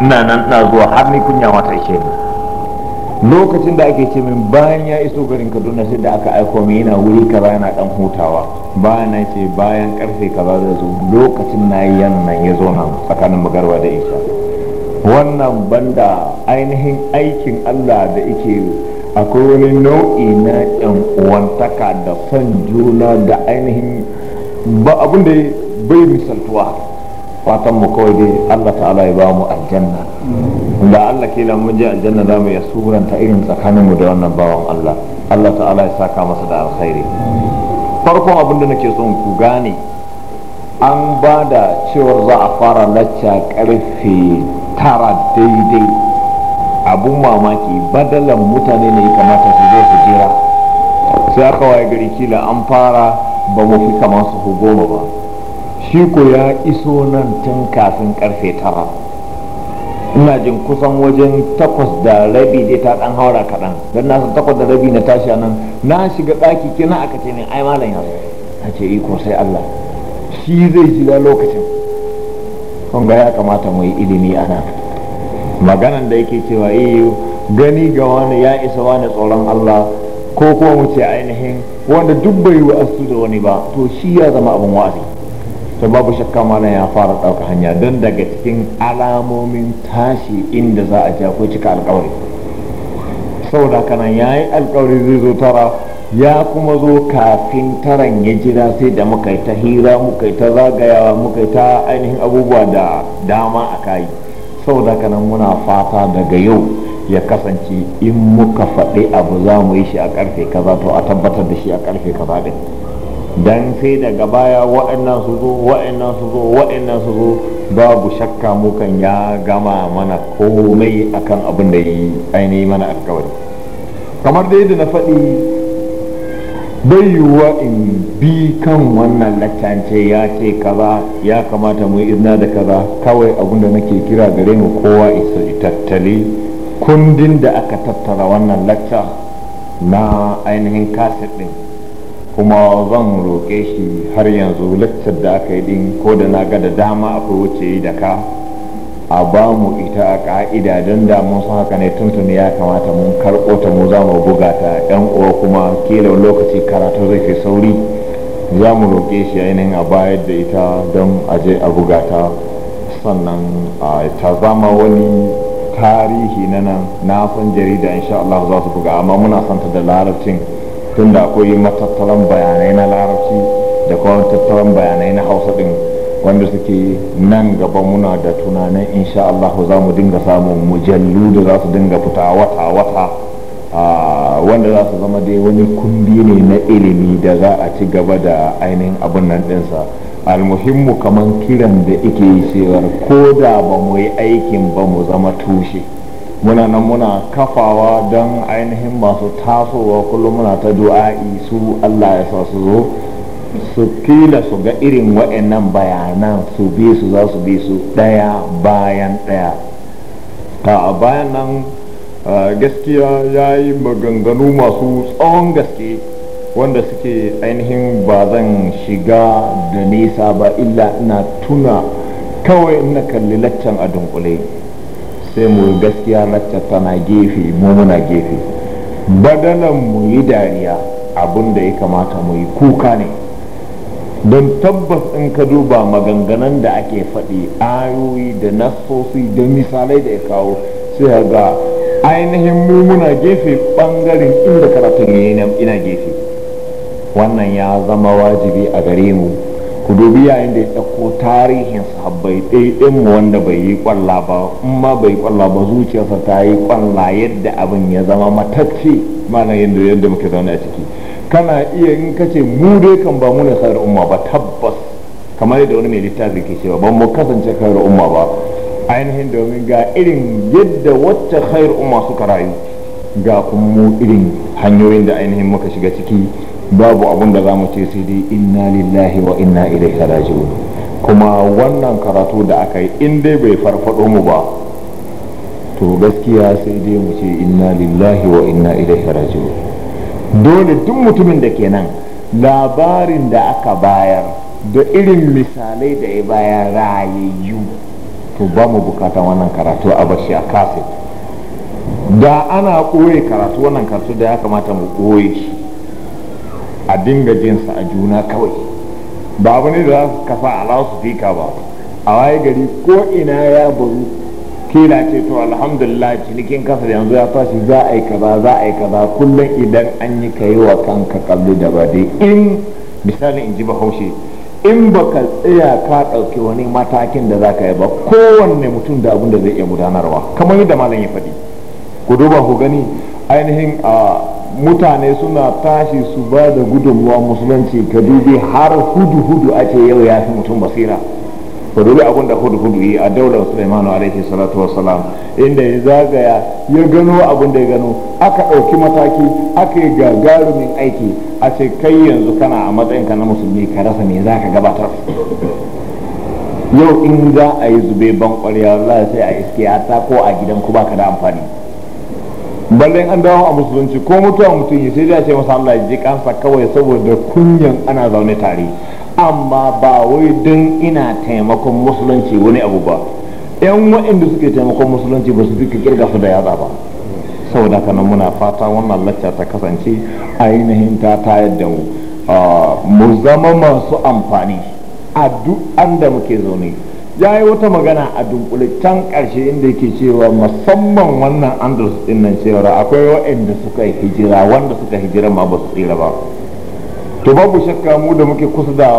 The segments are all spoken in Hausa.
ina nan na zuwa har ni kunya mata ishe ni lokacin da ake ce min bayan ya iso garin kaduna sai da aka aiko min yana wuri ka yana dan hutawa bayan na ce bayan karfe ka zai zo lokacin na yi yan nan ya zo nan tsakanin magarwa da isha wannan banda ainihin aikin allah da ike akwai wani nau'i na yan uwantaka da son juna da ainihin ba abin da bai misaltuwa fatan mu kawai dai Allah ta'ala ya ba mu aljanna da Allah kila mun je aljanna za mu suranta irin tsakanin mu da wannan bawan Allah Allah ta'ala ya saka masa da alkhairi farko abin da nake son ku gane an ba da cewar za a fara lacca karfe tara daidai abun mamaki badalan mutane ne kamata su zo su jira sai aka waye gari kila an fara ba mu fi kamar su goma ba shi ko ya iso nan tun kafin karfe tara ina jin kusan wajen takwas da rabi dai ta dan haura kaɗan don nasu takwas da rabi na tashi nan na shiga ɗaki kina aka ce min ai malam ya ce iko sai Allah shi zai shiga lokacin kun ga ya kamata mu yi ilimi a nan maganan da yake cewa iyo eh, gani ga wani ya isa wani tsoron Allah ko kuma mu ce ainihin wanda duk bai wa asu da wani ba to shi ya zama abin wa'azi to babu shakka mana ya fara ɗauka hanya don daga cikin alamomin tashi inda za a ja ko cika alkawari saboda kanan ya yi alkawari zai zo tara ya kuma zo kafin taran ya jira sai da muka yi ta hira muka yi ta zagayawa muka yi ta ainihin abubuwa da dama a kayi saboda kanan muna fata daga yau ya kasance in muka faɗi abu za mu yi shi a ƙarfe kaza to a tabbatar da shi a ƙarfe kaza ɗin dan sai daga baya wa'annan su zo wa'annan su zo wa'annan su zo babu shakka mukan ya gama mana komai akan abin da yi ainihi mana alkawari kamar da yadda na faɗi bai in bi kan wannan lattance ya ce kaza ya kamata mu izina da kaza kawai abin da nake kira gare mu kowa isa tattali kundin da aka tattara wannan lacca na ainihin kaset ɗin kuma zan roƙe shi har yanzu laccar da aka yi din ko da na ga da dama akwai wuce da ka a ba mu ita a ka'ida don da mun san haka ne tuntuni ya kamata mun karɓo ta mu za mu buga ta yan uwa kuma kila lokaci karatu zai fi sauri za mu roƙe shi ainihin a bayar da ita don a je a buga ta sannan a ta zama wani tarihi na nan na san jarida insha Allah za su buga amma muna santa da larabcin tunda akwai matattaran bayanai na larabci da kuma tattalan bayanai na hausa din wanda suke nan gaba muna da tunanin insha Allah za mu dinga samun mujallu da za su dinga fita wata wata wanda za su zama dai wani kundi ne na ilimi da za a ci gaba da ainihin abin nan ɗinsa almuhimmu kamar kiran da ike yi cewar ko da ba mu yi aikin ba mu zama tushe muna nan muna kafawa don ainihin masu tasowa kullum muna ta du'a'i su Allah ya sa su zo su kila su ga irin wa'annan bayanan su bi su za su bi su ɗaya bayan ɗaya a bayan nan gaskiya ya yi maganganu masu tsawon gaske wanda suke ainihin ba zan shiga da nisa ba illa ina tuna kawai ina kalli laccan a dunkule. sai mu gaskiya lacca tana gefe mu muna gefe badalan mu yi dariya abin da ya kamata mu yi kuka ne don tabbas in ka duba maganganun da ake faɗi ayoyi da nasosi da misalai da ya kawo sai ga ainihin mu muna gefe ɓangaren inda karatun ya ina gefe wannan ya zama wajibi a gare mu ku dubi yayin da ya ɗauko tarihin sahabbai ɗaiɗin mu wanda bai yi kwalla ba in ma bai kwalla ba zuciyarsa ta yi kwalla yadda abin ya zama matacce mana yadda yadda muke zaune a ciki kana iya in ka ce mu dai kan ba mu ne sayar umma ba tabbas kamar yadda wani mai littafi ke cewa ban mu kasance khairu umma ba ainihin domin ga irin yadda wacce khairu umma suka rayu ga kuma mu irin hanyoyin da ainihin muka shiga ciki babu abun da za mu ce sai dai inna lillahi wa inna ilaihi raji'un kuma wannan karatu da aka yi in dai bai farfado mu ba to gaskiya sai dai mu ce inna lillahi wa inna ilaihi raji'un dole duk mutumin da ke nan labarin da aka bayar da irin misalai da ya bayar rayayyu to ba mu bukata wannan karatu a bashi a kaset da ana ɓoye karatu wannan karatu da ya kamata mu ɓoye shi a dinga jinsa a juna kawai ba abu ne da za su kafa ala su fika ba a waye gari ko ina ya bazu kila ce to alhamdulillah cinikin kasa yanzu ya tashi za a yi kaza za a yi kaza kullum idan an yi ka yi wa kanka kalli da ba dai in misalin in ji bahaushe in ba baka tsaya ka ɗauki wani matakin da za ka yi ba kowanne mutum da abin da zai iya gudanarwa kamar yadda malam ya faɗi ku duba ku gani ainihin a ah, mutane suna tashi su ba da gudunmuwa musulunci ka dubi har hudu hudu ake yau ya fi mutum basira ka dubi abin hudu hudu yi a daular sulaimanu alaihi salatu wassalam inda ya zagaya ya gano abin ya gano aka ɗauki mataki aka yi gagarumin aiki a ce kai yanzu kana a matsayinka na musulmi ka rasa me za ka gabatar yau in za a yi zube ban ƙwarya wallahi sai a iske ta ko a gidan ku baka da amfani balle an dawo a musulunci ko mutuwa mutum ya sai ce masu Allah ji kansa kawai saboda kunyan ana zaune tare amma ba wai don ina taimakon musulunci wani abu ba yan waɗanda suke taimakon musulunci ba su fi kirga su da yatsa ba saboda haka muna fata wannan lacca ta kasance ainihin ta tayar da mu ah, mu zama masu amfani a duk an da muke zaune ya yi wata magana a dunkule can ƙarshe inda yake cewa musamman wannan Andrus din nan cewa akwai waɗanda suka hijira wanda suka hijira ma ba su tsira ba to babu shakka mu da muke kusa da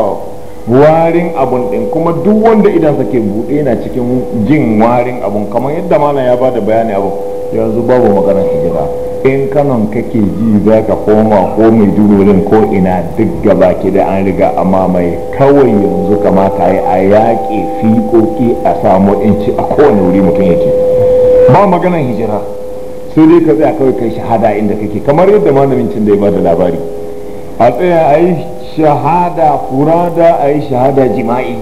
warin abun din kuma duk wanda idan sake bude yana cikin jin warin abun kamar yadda malam ya ba da bayani abun yanzu babu maganar hijira in kanon kake ji za ka koma ko mai duburin ko ina duk gaba ki da an riga amma mai kawai yanzu kamata yi a yaƙi fiƙoƙi a samu inci a kowane wuri mutum yake ba maganan hijira sai dai ka tsaya kawai kai shahada inda kake kamar yadda malamin cin da ya ba da labari a tsaya a yi shahada furada a yi shahada jima'i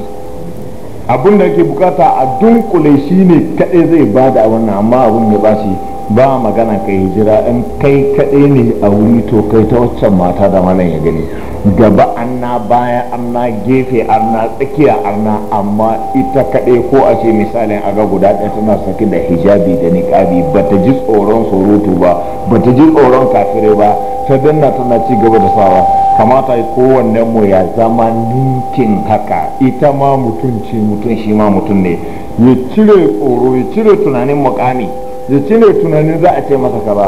abin da ake bukata a dunkule shi ne kaɗai zai ba da wannan amma abin ya ba shi ba magana ka hijira in kai kaɗai ne a wuri to kai ta waccan mata da malam ya gani gaba anna baya na gefe na tsakiya na amma ita kaɗai ko a ce misalin aga guda ɗaya tana saki da hijabi da niƙabi ba ta ji tsoron surutu ba ba ta ji tsoron kafirai ba ta danna tana ci gaba da sawa kamata kowanne mu ya zama ninkin haka ita ma mutum ce mutum shi ma mutum ne ya cire tsoro ya cire tunanin mukami ya cire tunanin za a ce masa kaza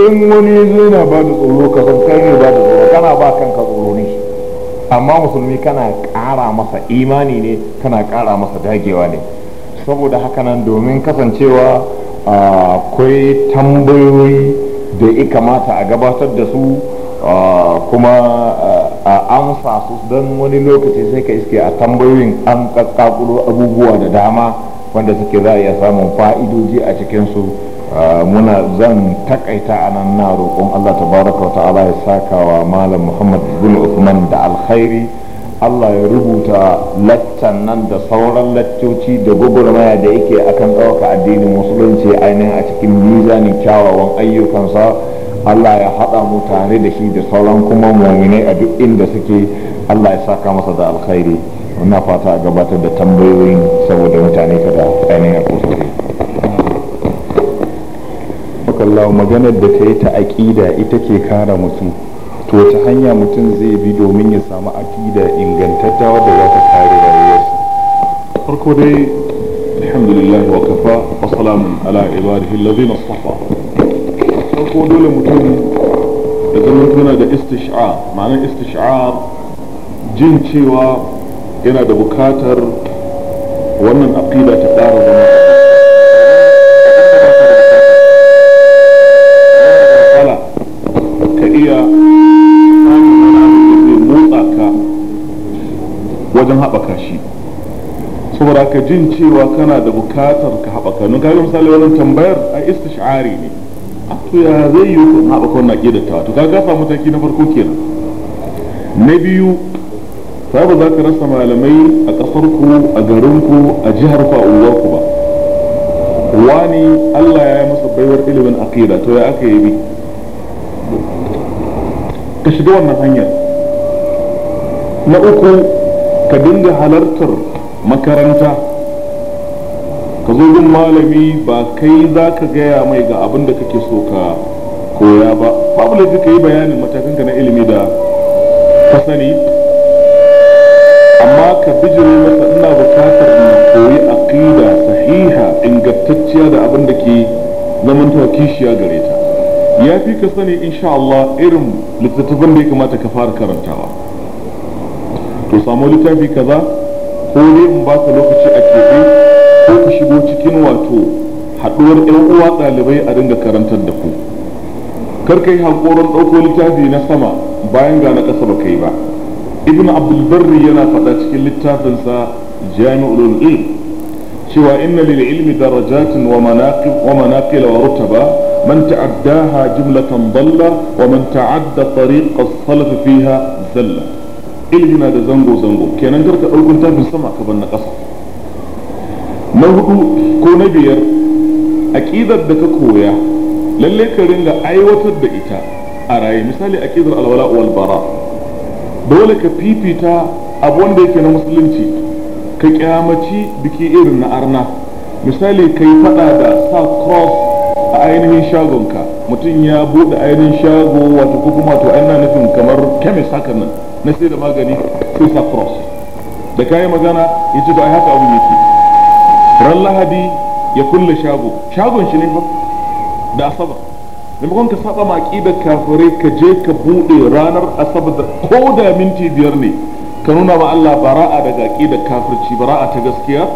in wani yana ba da tsoro ka san kai ne ba da tsoro kana ba kanka tsoro ne amma musulmi kana ƙara masa imani ne kana ƙara masa dagewa ne saboda haka nan domin kasancewa akwai tambayoyi da ya kamata a gabatar da su kuma a amsa su don wani lokaci sai ka iske a tambayoyin an kakakulo abubuwa da dama wanda suke za a iya samun fa'idoji a cikinsu muna zan takaita a nan na roƙon allah tabaraka wa ta'ala ya saka wa malam muhammad bin usman da alkhairi allah ya rubuta laccan nan da sauran laccoci da gugurmaya da yake akan ɗauka addinin musulunci ainihin a cikin mizanin kyawawan ayyukansa Allah ya haɗa mu tare da shi da sauran kuma muminai a duk inda suke Allah ya saka masa da alkhairi wannan fata a gabatar da tambayoyin saboda mutane kada ainihin a kusurci bakallawa maganar da ta yi ta aƙida ita ke kara mutum to ta hanya mutum zai bi domin ya samu aƙida ingantatta wadda za ta kare rayuwarsa farko dai alhamdulillah wa kafa wa salamun ala ibadihi ko dole mutum da zama tana da istish'ar ma'anar istish'ar jin cewa yana da bukatar wannan aqida ta ƙara zama ka iya ka wajen haɓaka shi saboda ka jin cewa kana da bukatar ka haɓaka nun kayan misali wajen tambayar a istish'ari ne to ya zai yi kun haɓa kawai na ƙidatawa to ka gafa mataki na farko kenan na biyu ta ba za ka rasa malamai a ƙasarku a garinku a jihar ku a unguwarku ba wani Allah ya yi masa baiwar ilimin aƙida to ya aka yi bi ka shiga wannan hanyar na uku ka dinga halartar makaranta ka zo bin malami ba kai za ka gaya mai ga abin da kake so ka koya ba babu laifi ka yi bayanin matakanka na ilimi da ka sani amma ka bijire masa ina bukatar na koyi aqida sahiha ingantacciya da abin da ke zamantowa kishiya gare ta ya fi ka sani insha Allah irin littattafan da ya kamata ka fara karantawa to samu littafi kaza ko dai in ba ka lokaci a keɓe shigo cikin wato haɗuwar yan uwa ɗalibai a dinga karantar da ku kar yi hankoron ɗauko littafi na sama bayan ga na ƙasa ba kai ba ibn abdulbarri yana faɗa cikin littafinsa jami'ul ilm cewa inna lil ilmi darajatin wa manaqib wa manaqil wa rutaba من تعداها جملة ضل ومن تعدى fiha zalla فيها na da zango zango kenan كينا نجرك أول sama ka ban na ƙasa. na hudu ko na biyar aƙidar da ka koya lalle ka ringa aiwatar da ita a raye misali a ƙidar alwala wal bara dole ka fifita abu wanda yake na musulunci ka kyamaci biki irin na arna misali ka yi fada da sa cross a ainihin shagonka mutum ya buɗe ainihin shago wato ko kuma wato ana nufin kamar kemis haka nan na sai da magani sai sa cross da kayi magana ita to ai haka abu yake ran lahadi ya kulle shago shagon shi ne da asabar maimakon ka saba maki da kafirai ka je ka bude ranar asabar da ko da minti biyar ne ka nuna wa Allah bara'a daga da kafirci bara'a ta gaskiya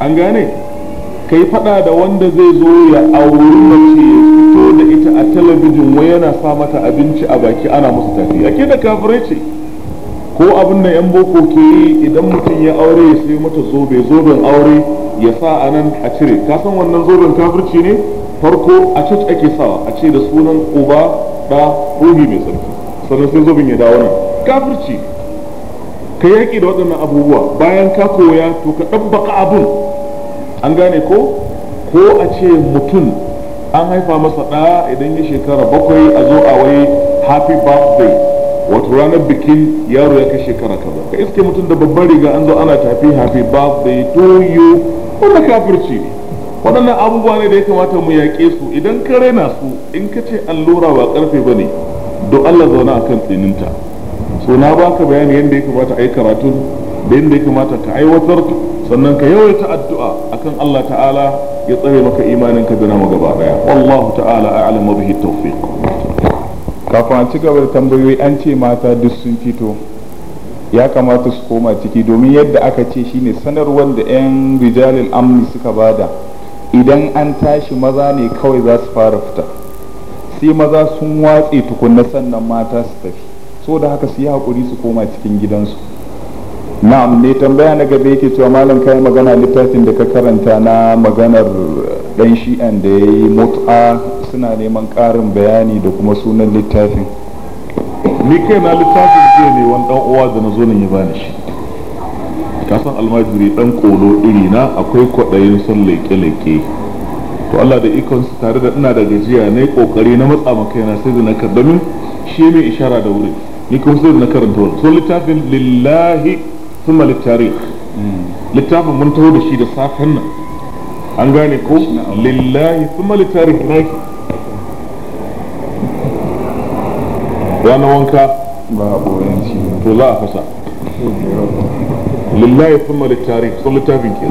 an gane ka yi fada da wanda zai zo ya auri mace ya fito da ita a talabijin wai yana sa mata abinci a baki ana musu tafi da kafirai ce ko abin da yan boko ke idan mutum ya aure ya sai mata zobe zoben aure ya sa a nan a cire kasan wannan zoben kafirci ne farko a cic ake sawa a ce da sunan uba da ruhi mai tsarki sannan sai zobin ya dawo nan kafirci ka yaƙi da waɗannan abubuwa bayan ka koya to ka ɗabbaka abun an gane ko ko a ce mutum an haifa masa ɗa idan ya shekara bakwai a zo a wai happy birthday wato ranar bikin yaro ya kai shekara kaza ka iske mutum da babban riga an zo ana tafi happy birthday to you wanda kafirci ne waɗannan abubuwa ne da ya kamata mu yaƙe su idan ka raina su in ka ce allura ba karfe ba ne don Allah zaune a kan tsininta so na ba ka bayani yadda ya kamata a yi karatun da yadda ya kamata ka aiwatar sannan ka yawaita addu'a a kan Allah ta'ala ya tsare maka imanin ka da namu gaba daya wallahu ta'ala a'lamu bihi tawfiq kafin a ci gaba da tambayoyi an ce mata duk sun fito ya kamata su koma ciki domin yadda aka ce shine sanarwar da 'yan rijalin amni suka bada idan an tashi maza ne kawai za su fara fita sai maza sun watse tukunna sannan mata su tafi so da haka su yi haƙuri su koma cikin gidansu na'am ne tambaya na gaba yake cewa malam kai magana littafin da ka karanta na maganar dan shi'an da ya yi mut'a suna neman ƙarin bayani da kuma sunan littafin ni kai na littafin jiya ne wani dan uwa da na zo nan ya bani shi Ka san almajiri dan kolo iri na akwai kwaɗayin son leke leke. to Allah da ikon su tare da ina da gajiya na yi ƙoƙari na matsa maka yana sai da na kar domin shi mai ishara da wuri ni kuma sai da na karanta wani so littafin lillahi thumma littari littafin mun taho da shi da safen nan an gane ko lillahi thumma littari ranar wanka to za a fasa lillahi sun littari sun littafin ke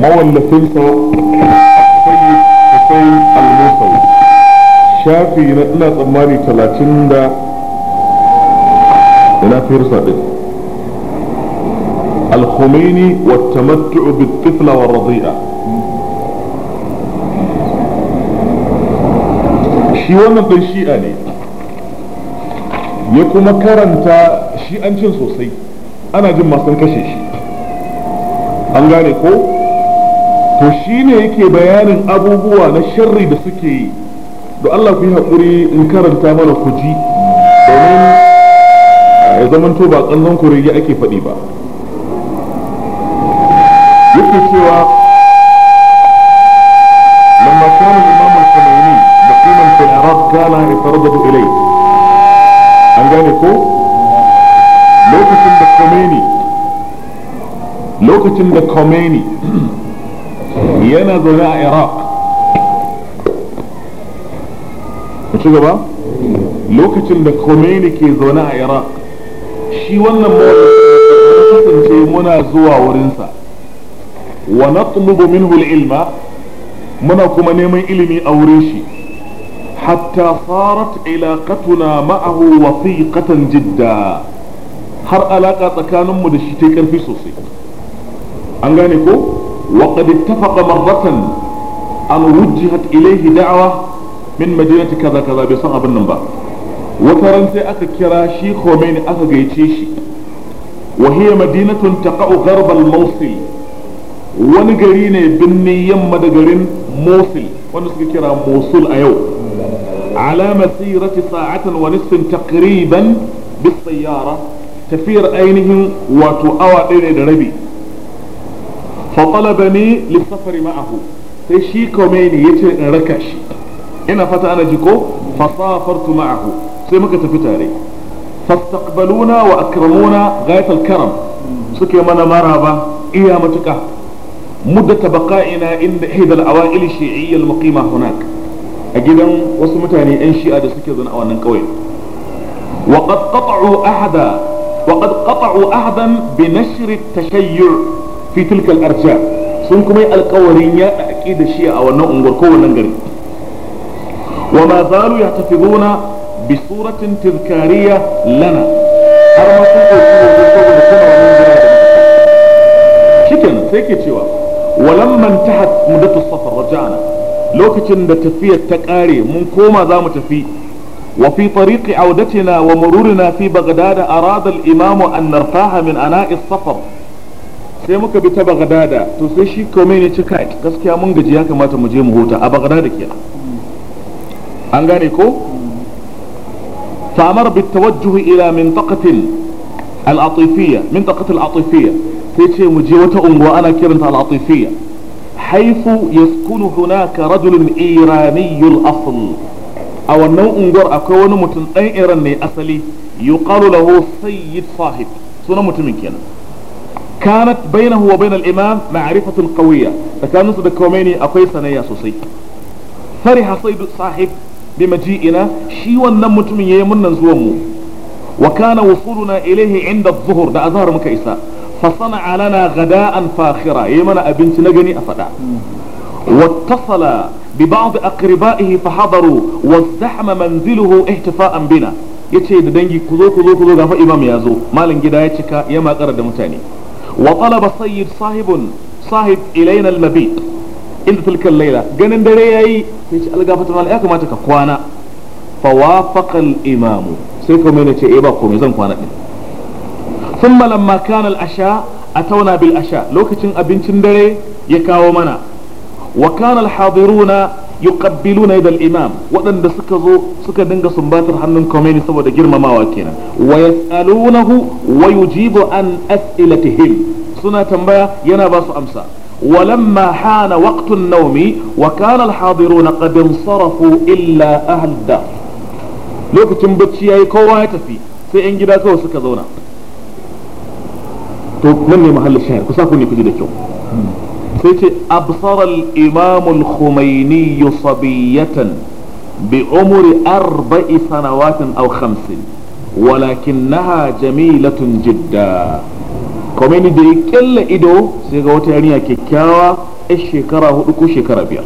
mawallafinsa akwai akwai almusawi shafi na ina tsammani talatin da ina firsa din الخميني والتمتع بالطفلة والرضيئة شي وانا بشيئة ليه ya kuma karanta shi an cin sosai ana jin masu kashe shi an gane ko to shi ne yake bayanin abubuwa na sharri da suke yi da Allah ku yi haƙuri in karanta mana ku ji domin ya zamanto ba ƙanzon kurege ake faɗi ba lokacin da Khomeini yana zaune a Iraq gaba lokacin da Khomeini ke zaune a Iraq shi wannan kasance muna zuwa wurinsa wa natlubu minhu ilma muna kuma neman ilimi a wurin shi hatta sarat ilaqatuna ma'ahu wathiqatan jidda har alaka tsakaninmu da shi ta karfi sosai an gane ko waqad ittafaqa marratan an wujjihat ilayhi da'wa min madinati kaza kaza bai san abin nan ba wata ran sai aka kira shi Khomeini aka gaice shi wahi hiya madinatun taqa'u gharb al-mawsil wani gari ne binne yamma da garin mosul wanda suka kira mosul a yau ala masirati sa'atan wani nisfin taqriban bis sayyara tafiyar ainihin wato awa ɗaya da rabi fatalabani lissafari ma'ahu sai shi Khomeini ya ce in raka shi ina fata ana ji ko fasafartu ma'ahu sai muka tafi tare fastaqbaluna wa akramuna ghayatal karam suke mana maraba iya matuka muddata baqa'ina inda ihda al-awa'il shi'iyya al-muqima hunak a gidan wasu mutane yan shi'a da suke zana a wannan kauye وقد قطعوا أحدا وقد قطعوا أحدا بنشر التشيع fi tilkal arja sun kuma yi alkawarin ya da shi a wannan unguwar kowannen gari wa ma zalu ya tafi gona bi suratin tilkariya lana har ma sun ɗauki wajen saboda suna wannan gari da shikin sai ke cewa walamman tahat mudatu safar raja'ana lokacin da tafiyar ta ƙare mun koma za mu tafi وفي طريق عودتنا ومرورنا في بغداد أراد الإمام أن نرتاح من أناء السفر sai muka bi ta bagdada to sai shi komai ne cika gaskiya mun gaji ya kamata mu je mu huta a bagdada ke an gane ko فأمر بالتوجه إلى منطقة العطيفية منطقة العطيفية تيتي مجيوة وأنا كرنت العطيفية حيث يسكن هناك رجل إيراني الأصل أو النوع انقر أكون متن أي إيراني أصلي يقال له سيد صاحب سنة متمكنة كانت بينه وبين الإمام معرفة قوية فكان نصد كوميني أقوي سنية سوسي فرح صيد صاحب بمجيئنا شيوا نمتم يمن زومو وكان وصولنا إليه عند الظهر ده أظهر مكيسا فصنع لنا غداء فاخرة يمن أبنت نجني أفدا واتصل ببعض أقربائه فحضروا وازدحم منزله احتفاء بنا yace da dangi ku zo ku zo ku zo gafa imam ya zo malin gida ya وطلب السيد صاحب صاحب إلينا المبيت inda tilkan laila ganin dare yayi sai ce algafata mal ya kamata ka kwana fa wafaqa al imamu sai kuma ne ce eh ba komai zan kwana din thumma lamma kana al asha bil asha lokacin abincin dare ya kawo mana wa kana hadiruna yuqabbiluna yadal imam waɗanda suka zo suka dinga sumbatar hannun Khomeini saboda girmamawa kenan wa yas'alunahu wa yujibu an as'ilatihim suna tambaya yana ba su amsa ولما حان وقت النوم وكان الحاضرون قد انصرفوا إلا أهل الدار لوكتن بتشي أي كوا يتفي سي إن جدا كوا سكا زونا تو نمي محل الشهر كساكوني كجدا كيو sai ce absaral imamul khumaini sabiyatan bi umri arba'i sanawatin aw khamsin walakinnaha jamilatun jidda komeni da ya kyalla ido sai ga wata yarinya kyakkyawa ɗan shekara hudu ko shekara biyar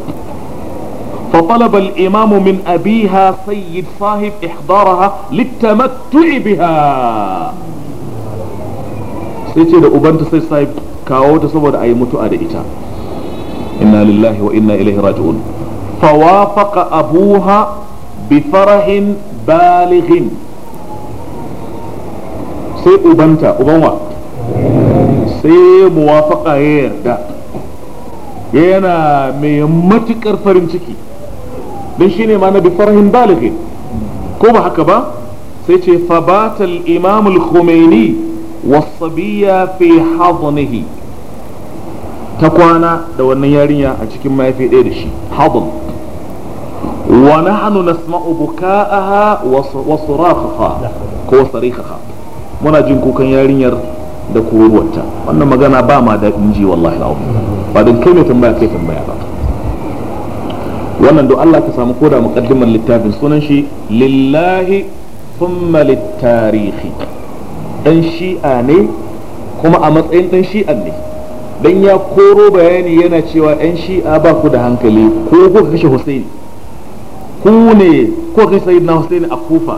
فطلب الإمام من أبيها سيد صاحب إحضارها للتمتع بها سيتي da ubanta sai sai kawo ta saboda ayi mutu'a da ita inna lillahi wa inna ilaihi raji'un fawafaqa abuha bi farahin balighin sai ubanta ubanwa sai muwafaka ya yarda yana mai matukar farin ciki don shine ma na bi farahin balighin ko ba haka ba sai ce fabatal imamul khomeini fi hadnihi ta kwana da wannan yarinya a cikin mahaifi ɗaya da shi hadl wa nahnu nasma'u buka'aha wa surafaha ko sarikaha muna jin kukan yarinyar da kururuwarta wannan magana ba ma daɗin ji wallahi al'azim ba don kai mai tambaya kai tambaya ba wannan do Allah ka samu koda muqaddimar littafin sunan shi lillahi thumma littarihi dan shi'a ne kuma a matsayin dan shi'a ne dan ya koro bayani yana cewa yan shi'a ba ku da hankali ko kuka kashe Hussein ku ne ko kai sayyidina Hussein a Kufa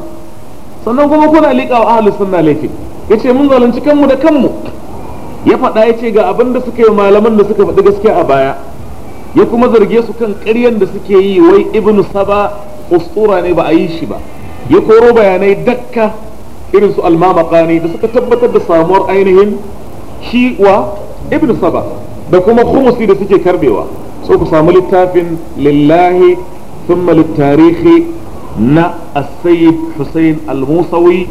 sannan kuma kuna liƙa wa ahlus sunna laifi ce mun zalunci kanmu da kanmu ya faɗa ya ce ga abin da suka yi malaman da suka faɗi gaskiya a baya ya kuma zarge su kan ƙaryan da suke yi wai ibnu saba ustura ne ba a yi shi ba ya koro bayanai dakka irin su almamakani da suka tabbatar da samuwar ainihin shi wa ibn saba da kuma khumusi da suke karbewa so ku samu littafin lillahi thumma littarihi na as-sayyid Hussein al-Musawi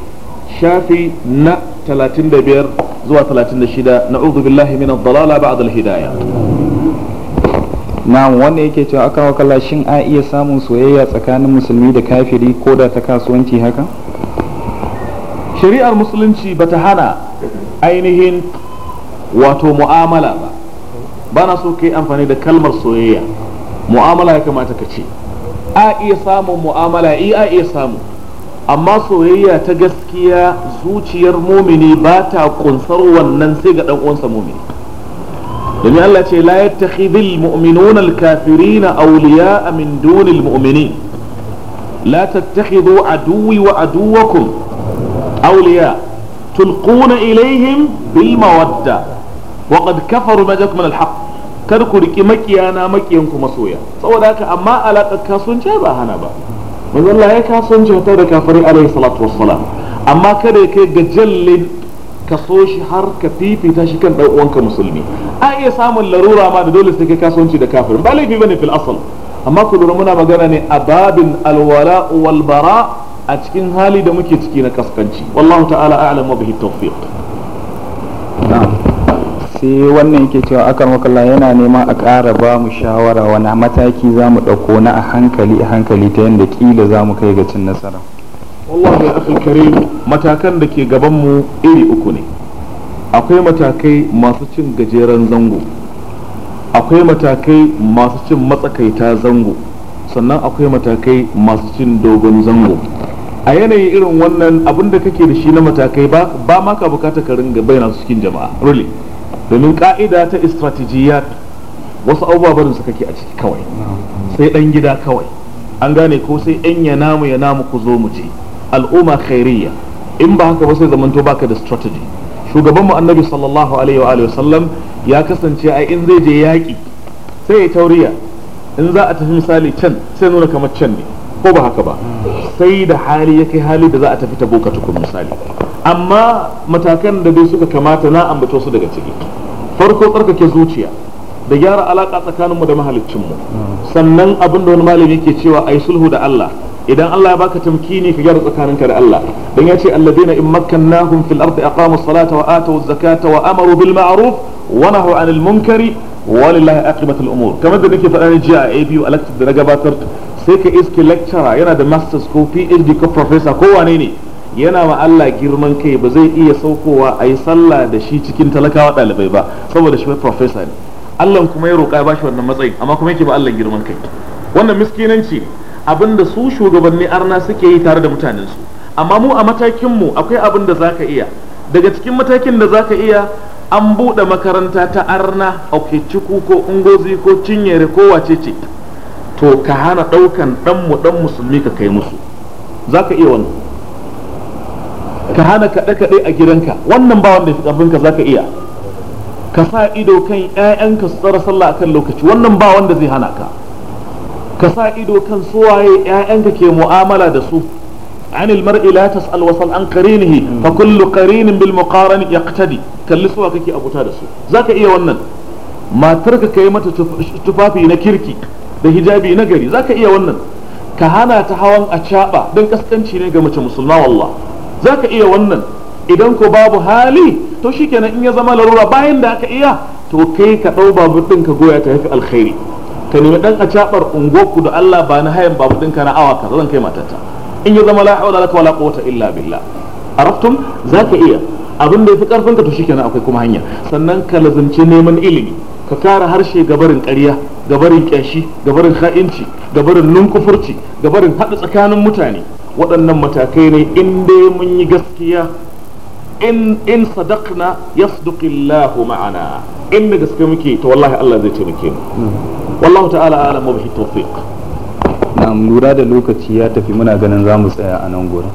shafi na 35 zuwa 36 na'udhu billahi min ad-dalala ba'da al-hidayah na'am wanda yake cewa aka wakala shin a iya samun soyayya tsakanin musulmi da kafiri ko da ta kasuwanci haka shari'ar musulunci bata hana ainihin wato mu'amala ba ba na so ka yi amfani da kalmar soyayya mu'amala ya kamata ka ce a iya samun mu'amala i a iya samu amma soyayya ta gaskiya zuciyar mumini ba ta kunsar wannan sai ga uwansa mumini domin Allah ce la yattakhidhul mu'minuna al-kafirina awliya'a min dunil mu'minin la tattakhidhu aduwwi wa aduwwakum awliya tulquna ilayhim bil mawadda waqad kafaru ma jakum al haqq kar ku riki makiyana makiyan ku masoya saboda haka amma alaƙar kasuwanci ba hana ba manzo ya kasuwanci ta da kafari alaihi salatu wassalam amma kada ya kai da jallin kasoshi so shi har ka shi kan dan uwanka musulmi a iya samun larura ma da dole sai kai kasuwanci da kafirin ba laifi bane fil asal amma ku lura muna magana ne a babin alwala wal bara a cikin hali da muke ciki na kaskanci wallahu ta'ala a'lam wa bihi tawfiq sai wannan yake cewa akan wakala yana nema a ƙara ba mu shawara wani mataki za mu ɗauko na a hankali a hankali ta yadda ƙila za mu kai ga cin nasara wallahi akan kare matakan da ke gaban mu iri uku ne akwai matakai masu cin gajeren zango akwai matakai masu cin matsakaita zango sannan akwai matakai masu cin dogon zango a yanayin irin wannan abin da kake da shi na matakai ba ma ka bukata ka ringa bayyana su cikin jama'a really domin ka'ida ta istratijiyat wasu abubuwa barin su kake a ciki kawai sai dan gida kawai an gane ko sai yan ya namu ya namu ku zo mu je al'umma khairiyya in ba haka ba sai zamanto baka da strategy shugaban mu annabi sallallahu alaihi wa alihi ya kasance ai in zai je yaki sai ya tauriya in za a tafi misali can sai nuna kamar can ne ko ba haka ba sai da hali ya kai hali da za a tafi ta boka tukun misali amma matakan da dai suka kamata na ambato su daga ciki farko tsarkake zuciya da gyara alaka tsakaninmu da mahaliccinmu sannan abin da wani malami yake cewa ai sulhu da Allah idan Allah ya baka tamkini ka gyara tsakaninka da Allah dan ya ce alladheena in makkannahum fil ardi aqamu salata wa atu zakata wa amaru bil ma'ruf wa nahu anil munkari wa lillahi aqibatul umur kamar da nake faɗa ne jiya a ABU a lecture da na gabatar sai ka iske lecturer yana da masters ko PhD ko professor ko wane ne yana wa Allah girman kai ba zai iya saukowa a yi sallah da shi cikin talakawa ɗalibai ba saboda shi profesa ne Allah kuma ya roƙa ba shi wannan matsayin amma kuma yake ba Allah girman kai wannan miskinanci abinda su shugabanni arna suke yi tare da mutanensu amma mu a matakin mu akwai abin da zaka iya daga cikin matakin da zaka iya an buɗe makaranta ta arna a ciku ko ungozi ko cinyere ko wacece to ka hana ɗaukan ɗan mu ɗan musulmi ka kai musu zaka iya wannan ka hana kaɗe kaɗe a gidanka wannan ba wanda ya fi ƙarfinka za ka iya ka sa ido kan 'ya'yanka su tsara sallah akan lokaci wannan ba wanda zai hana ka ka sa ido kan suwaye 'ya'yanka ke mu'amala da su عن المرء لا تسأل وصل عن قرينه فكل قرين kalli suwa kake abuta da su zaka iya wannan matarka kai mata tufafi na kirki da hijabi na gari zaka iya wannan ka hana ta hawan a don kaskanci ne ga mace musulma wallah za ka iya wannan idan ko babu hali to shikenan in ya zama larura bayan da aka iya to kai ka ɗau babu ɗinka ka goya ta yafi alkhairi ka nemi ɗan a caɓar ungoku da Allah ba na hayan babu ɗinka na awa ka zan kai matata in ya zama la da kawala wala wata illa billah za ka iya abin da yafi ƙarfin ka to shikenan akwai kuma hanya sannan ka lazimci neman ilimi ka kara harshe gabarin ƙarya gabarin kyashi gabarin ha'inci gabarin nunkufurci gabarin haɗa tsakanin mutane waɗannan matakai ne in dai mun yi gaskiya in in sadaqna yasduqillahu ma'ana in da gaske muke to wallahi Allah zai taimake mu wallahu ta'ala alam wa bihi tawfiq na lura da lokaci ya tafi muna ganin zamu tsaya a nan gurin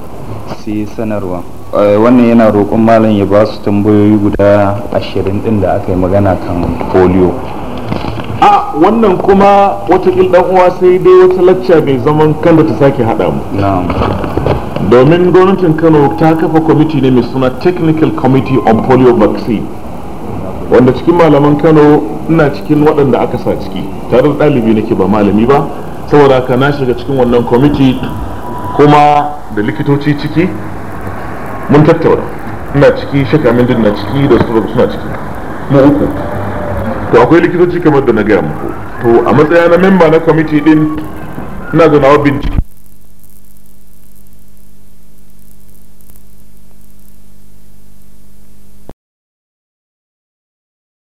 sai sanarwa eh, wannan yana roƙon malam ya ba su tambayoyi guda ashirin ɗin da aka yi magana kan polio a wannan kuma watakil dan uwa sai dai wata lacca mai zaman kan da ta sake haɗa mu domin gwamnatin kano ta kafa kwamiti ne mai suna technical committee on polio vaccine wanda cikin malaman kano ina cikin waɗanda aka sa ciki tare da ɗalibi nake ba malami ba saboda haka na shiga cikin wannan kwamiti kuma da likitoci ciki mun tattauna ina ciki shekamin na ciki da su suna ciki mu uku to akwai likitoci kamar da na gaya muku to a matsaya na memba na kwamiti din ina zanawa bincike